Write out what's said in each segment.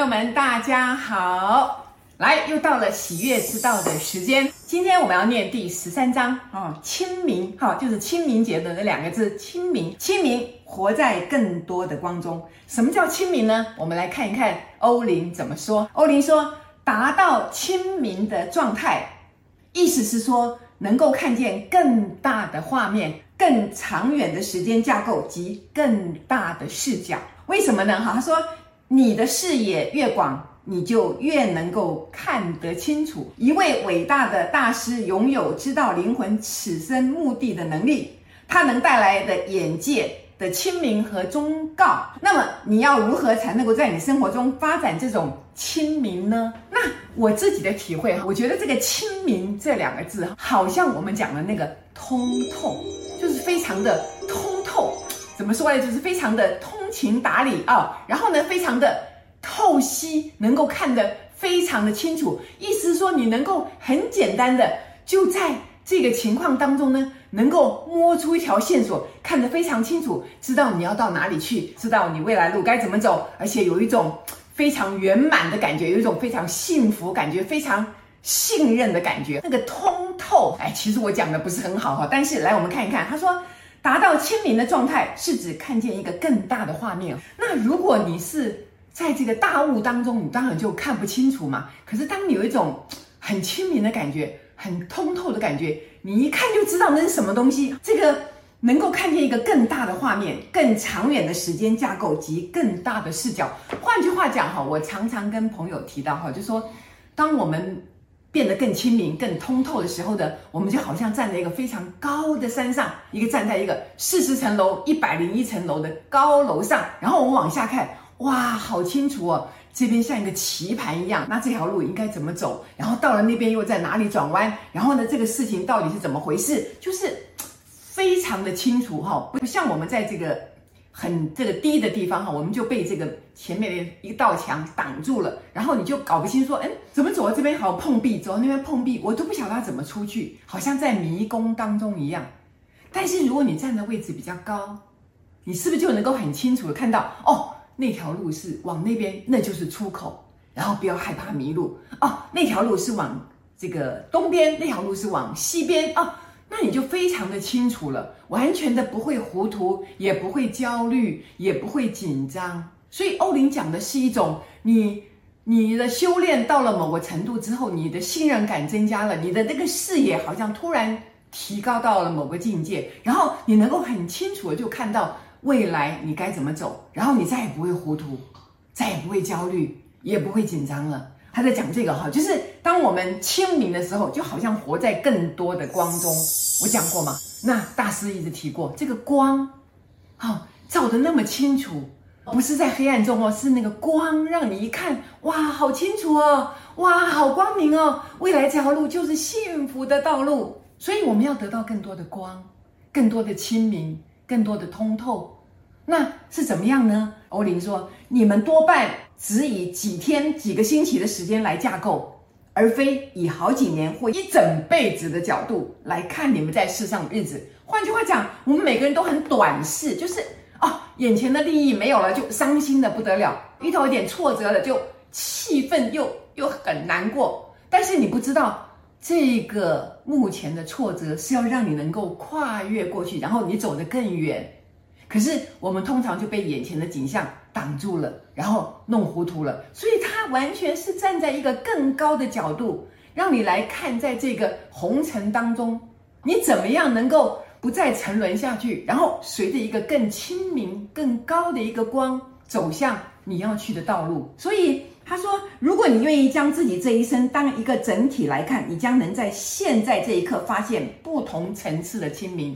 朋友們，大家好！來，又到了喜悅之道的時間。今天我們要念第十三章啊、哦，清明哈、哦，就是清明節的那兩個字，清明。清明活在更多的光中。什麼叫清明呢？我們來看一看歐林怎麼說。歐林說，達到清明的狀態，意思是說能夠看見更大的畫面、更長遠的時間架構及更大的視角。為什麼呢？哈、哦，他說。你的視野越廣，你就越能夠看得清楚。一位偉大的大師擁有知道靈魂此生目的的能力，他能帶來的眼界的清明和忠告。那麼，你要如何才能夠在你生活中發展這種清明呢？那我自己的體會，我覺得這個“清明”這兩個字，好像我們講的那個通透，就是非常的通透。怎麼說呢？就是非常的通。通情達理啊、哦，然後呢，非常的透析，能夠看得非常的清楚。意思是說，你能夠很簡單的就在這個情況當中呢，能夠摸出一條線索，看得非常清楚，知道你要到哪裡去，知道你未來路該怎麼走，而且有一種非常圓滿的感覺，有一種非常幸福感覺，非常信任的感覺。那個通透，哎，其實我講的不是很好哈，但是來，我們看一看，他說。達到清明的狀態，是指看見一個更大的畫面。那如果你是在這個大霧當中，你當然就看不清楚嘛。可是當你有一種很清明的感覺，很通透的感覺，你一看就知道那是什麼東西。這個能夠看見一個更大的畫面、更長遠的時間架構及更大的視角。換句話講哈，我常常跟朋友提到哈，就說當我們。變得更清明、更通透的時候呢，我們就好像站在一個非常高的山上，一個站在一個四十層樓、一百零一層樓的高樓上，然後我們往下看，哇，好清楚哦！這邊像一個棋盤一樣，那這條路應該怎麼走？然後到了那邊又在哪裡轉彎？然後呢，這個事情到底是怎麼回事？就是非常的清楚哈、哦，不像我們在這個。很這個低的地方哈，我們就被這個前面的一道牆擋住了，然後你就搞不清說，哎，怎麼走到這邊好碰壁？走到那邊碰壁，我都不曉得怎麼出去，好像在迷宮當中一樣。但是如果你站的位置比較高，你是不是就能夠很清楚的看到，哦，那條路是往那邊，那就是出口，然後不要害怕迷路，哦，那條路是往這個東邊，那條路是往西邊，哦。那你就非常的清楚了，完全的不會糊塗，也不會焦慮，也不會緊張。所以歐林講的是一種，你你的修煉到了某個程度之後，你的信任感增加了，你的那個視野好像突然提高到了某個境界，然後你能夠很清楚的就看到未來你該怎麼走，然後你再也不會糊塗，再也不會焦慮，也不會緊張了。他在講這個哈，就是當我們清明的時候，就好像活在更多的光中。我講過嗎？那大師一直提過這個光，好、哦、照得那麼清楚，不是在黑暗中哦，是那個光讓你一看，哇，好清楚哦，哇，好光明哦，未來這條路就是幸福的道路。所以我們要得到更多的光，更多的清明，更多的通透，那是怎麼樣呢？歐林說：“你們多半只以幾天、幾個星期的時間來架構，而非以好幾年或一整輩子的角度來看你們在世上的日子。換句話講，我們每個人都很短視，就是哦，眼前的利益沒有了就傷心的不得了，遇到一點挫折了就氣憤又又很難過。但是你不知道，這個目前的挫折是要讓你能夠跨越過去，然後你走得更遠。”可是我們通常就被眼前的景象擋住了，然後弄糊塗了。所以他完全是站在一個更高的角度，讓你來看，在這個紅塵當中，你怎麼樣能夠不再沉淪下去，然後隨着一個更清明、更高的一個光，走向你要去的道路。所以他說，如果你願意將自己這一生當一個整體來看，你將能在現在這一刻發現不同層次的清明。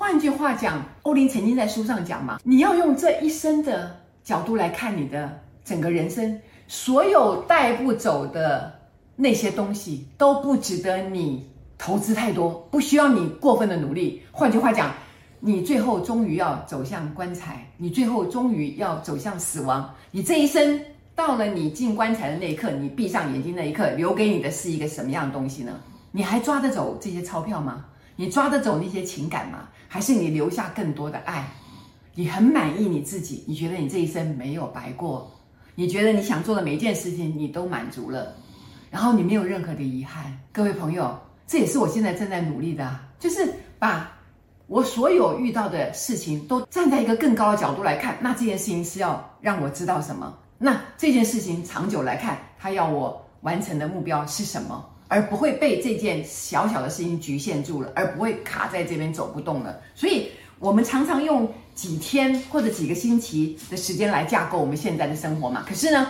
換句話講，歐林曾經在書上講嘛，你要用這一生的角度來看你的整個人生，所有帶不走的那些東西都不值得你投資太多，不需要你過分的努力。換句話講，你最後終於要走向棺材，你最後終於要走向死亡。你這一生到了你進棺材的那一刻，你閉上眼睛那一刻，留給你的是一個什麼樣的東西呢？你還抓得走這些鈔票嗎？你抓得走那些情感嗎？還是你留下更多的愛？你很滿意你自己？你覺得你這一生沒有白過？你覺得你想做的每一件事情你都滿足了？然後你沒有任何的遺憾？各位朋友，這也是我現在正在努力的啊，就是把我所有遇到的事情都站在一個更高的角度來看。那這件事情是要讓我知道什麼？那這件事情長久來看，它要我完成的目標是什麼？而不會被這件小小的事情局限住了，而不會卡在這邊走不動了。所以，我們常常用幾天或者幾個星期的時間來架構我們現在的生活嘛。可是呢，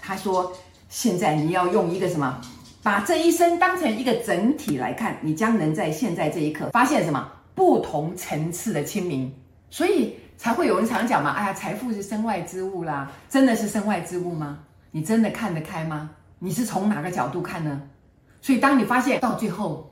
他說，現在你要用一個什麼，把這一生當成一個整體來看，你將能在現在這一刻發現什麼不同層次的清明。所以才會有人常常講嘛，哎呀，財富是身外之物啦，真的是身外之物嗎？你真的看得開嗎？你是從哪個角度看呢？所以，當你發現到最後，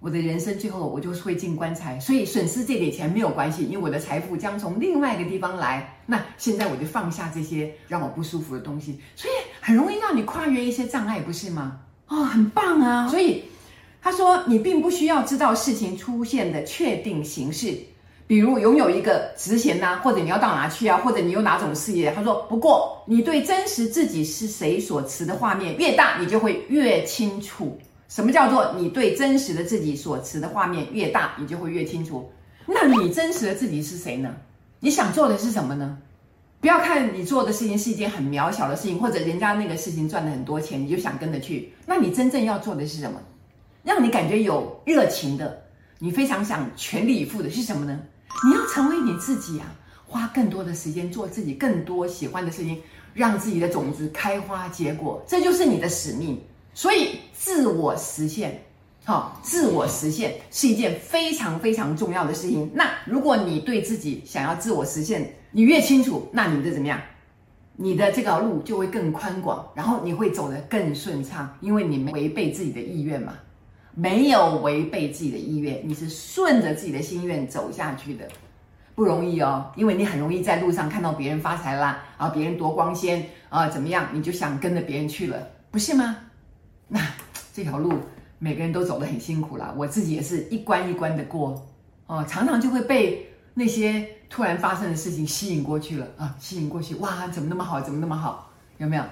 我的人生最後我就是會進棺材，所以損失這點錢沒有關係，因為我的財富將從另外一個地方來。那現在我就放下這些讓我不舒服的東西，所以很容易讓你跨越一些障礙，不是嗎？哦，很棒啊！所以他說，你並不需要知道事情出現的確定形式。比如擁有一個職銜吶，或者你要到哪去啊，或者你有哪種事業？他說：“不過你對真實自己是誰所持的畫面越大，你就會越清楚。什麼叫做你對真實的自己所持的畫面越大，你就會越清楚。那你真實的自己是誰呢？你想做的是什麼呢？不要看你做的事情是一件很渺小的事情，或者人家那個事情賺了很多錢，你就想跟着去。那你真正要做的是什麼？讓你感覺有熱情的，你非常想全力以赴的是什麼呢？”你要成為你自己啊！花更多的時間做自己更多喜歡的事情，讓自己的種子開花結果，這就是你的使命。所以，自我實現，好、哦，自我實現是一件非常非常重要的事情。那如果你對自己想要自我實現，你越清楚，那你的怎麼樣？你的這條路就會更寬廣，然後你會走得更順暢，因為你沒違背自己的意願嘛。沒有違背自己的意願，你是順着自己的心願走下去的，不容易哦。因為你很容易在路上看到別人發財啦，啊，別人多光鮮啊，怎麼樣，你就想跟着別人去了，不是嗎？那、啊、這條路每個人都走得很辛苦啦，我自己也是一關一關的過，哦、啊，常常就會被那些突然發生的事情吸引過去了，啊，吸引過去，哇，怎麼那麼好，怎麼那麼好，有沒有？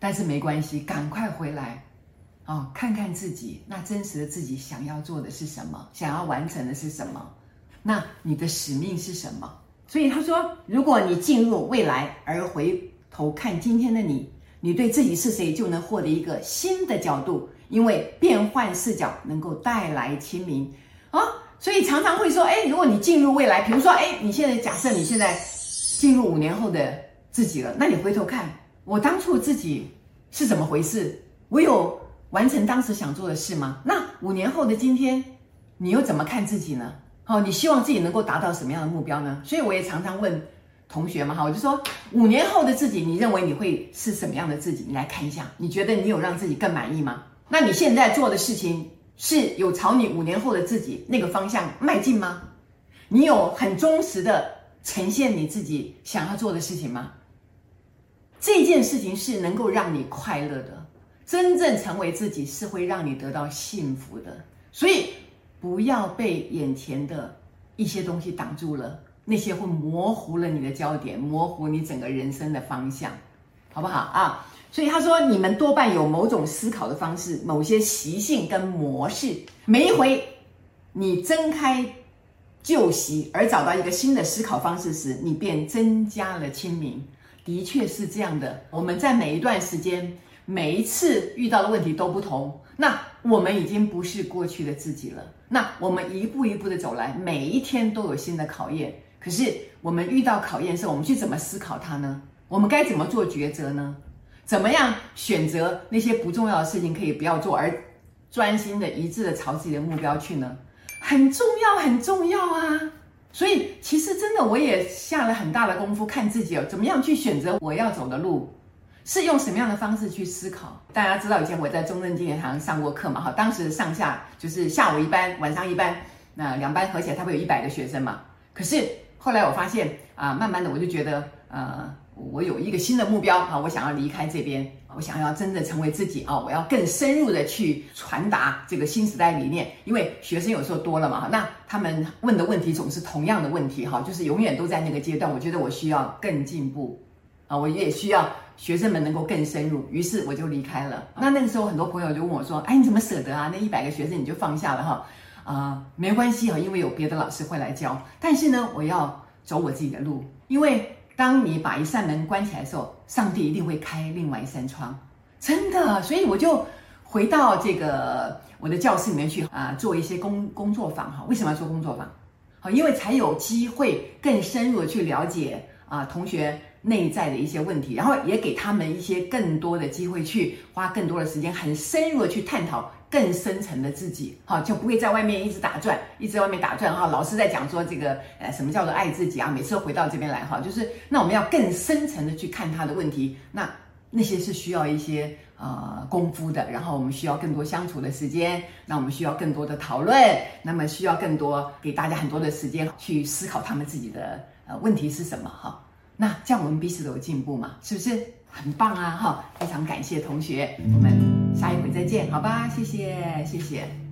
但是沒關係，趕快回來。啊、哦，看看自己那真實的自己想要做的是什麼，想要完成的是什麼，那你的使命是什麼？所以他說，如果你進入未來而回頭看今天的你，你對自己是誰，就能獲得一個新的角度，因為變換視角能夠帶來清明啊。所以常常會說，哎，如果你進入未來，比如說，哎，你現在假設你現在進入五年後的自己了，那你回頭看，我當初自己是怎麼回事？我有。完成當時想做的事嗎？那五年後的今天，你又怎麼看自己呢？好、哦，你希望自己能夠達到什麼樣的目標呢？所以我也常常問同學嘛，哈，我就說五年後的自己，你認為你會是什麼樣的自己？你來看一下，你覺得你有讓自己更滿意嗎？那你現在做的事情是有朝你五年後的自己那個方向邁進嗎？你有很忠實的呈現你自己想要做的事情嗎？這件事情是能夠讓你快樂的。真正成為自己是會讓你得到幸福的，所以不要被眼前的一些東西擋住了，那些會模糊了你的焦點，模糊你整個人生的方向，好不好啊？所以他說，你們多半有某種思考的方式，某些習性跟模式。每一回你睜開舊習而找到一個新的思考方式時，你便增加了清明。的確是這樣的，我們在每一段時間。每一次遇到的問題都不同，那我們已經不是過去的自己了。那我們一步一步的走來，每一天都有新的考驗。可是我們遇到考驗的時候，我們去怎麼思考它呢？我們該怎麼做抉擇呢？怎麼樣選擇那些不重要的事情可以不要做，而專心的一致的朝自己的目標去呢？很重要，很重要啊！所以其實真的，我也下了很大的功夫看自己哦，怎麼樣去選擇我要走的路。是用什麼樣的方式去思考？大家知道以前我在中正紀念堂上過課嘛？哈，當時上下就是下午一班，晚上一班，那兩班合起來，他會有一百個學生嘛？可是後來我發現啊、呃，慢慢的我就覺得，呃，我有一個新的目標啊，我想要離開這邊，我想要真的成為自己啊，我要更深入的去傳達這個新時代理念。因為學生有時候多了嘛，那他們問的問題總是同樣的問題，哈、啊，就是永遠都在那個階段。我覺得我需要更進步啊，我也需要。學生們能夠更深入，於是我就離開了。那那個時候，很多朋友就問我說：“哎，你怎麼捨得啊？那一百個學生你就放下了哈。啊、呃，沒關係哦，因為有別的老師會來教。但是呢，我要走我自己的路，因為當你把一扇門關起來的時候，上帝一定會開另外一扇窗，真的。所以我就回到這個我的教室裡面去啊，做一些工工作坊哈。為什麼要做工作坊？好，因為才有機會更深入的去了解啊，同學。內在的一些問題，然後也給他們一些更多的機會，去花更多的時間，很深入的去探討更深層的自己，哈，就不會在外面一直打轉，一直在外面打轉，哈。老師在講說這個，呃，什麼叫做愛自己啊？每次回到這邊來，哈，就是那我們要更深層的去看他的問題，那那些是需要一些啊、呃、功夫的，然後我們需要更多相處的時間，那我們需要更多的討論，那麼需要更多給大家很多的時間去思考他們自己的呃問題是什麼，哈。那這樣我們彼此都有進步嘛，是不是很棒啊？哈，非常感謝同學，我們下一回再見，好吧？謝謝，謝謝。